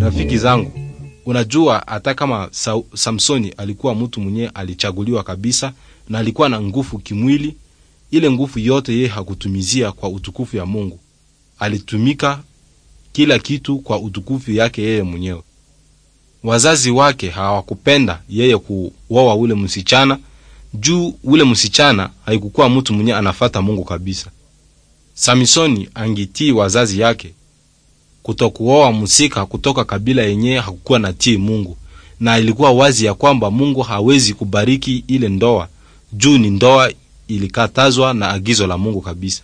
Rafiki zangu, unajua hata kama Samsoni alikuwa mtu mwenye alichaguliwa kabisa na alikuwa na nguvu kimwili, ile nguvu yote yeye hakutumizia kwa utukufu ya Mungu, alitumika kila kitu kwa utukufu yake yeye mwenyewe. Wazazi wake hawakupenda yeye kuoa ule msichana juu ule msichana haikukuwa mtu mwenye anafata Mungu kabisa. Samisoni angitii wazazi yake. Kutokuoa musika kutoka kabila yenyewe hakukuwa na tii Mungu, na ilikuwa wazi ya kwamba Mungu hawezi kubariki ile ndoa juu ni ndoa ilikatazwa na agizo la Mungu kabisa.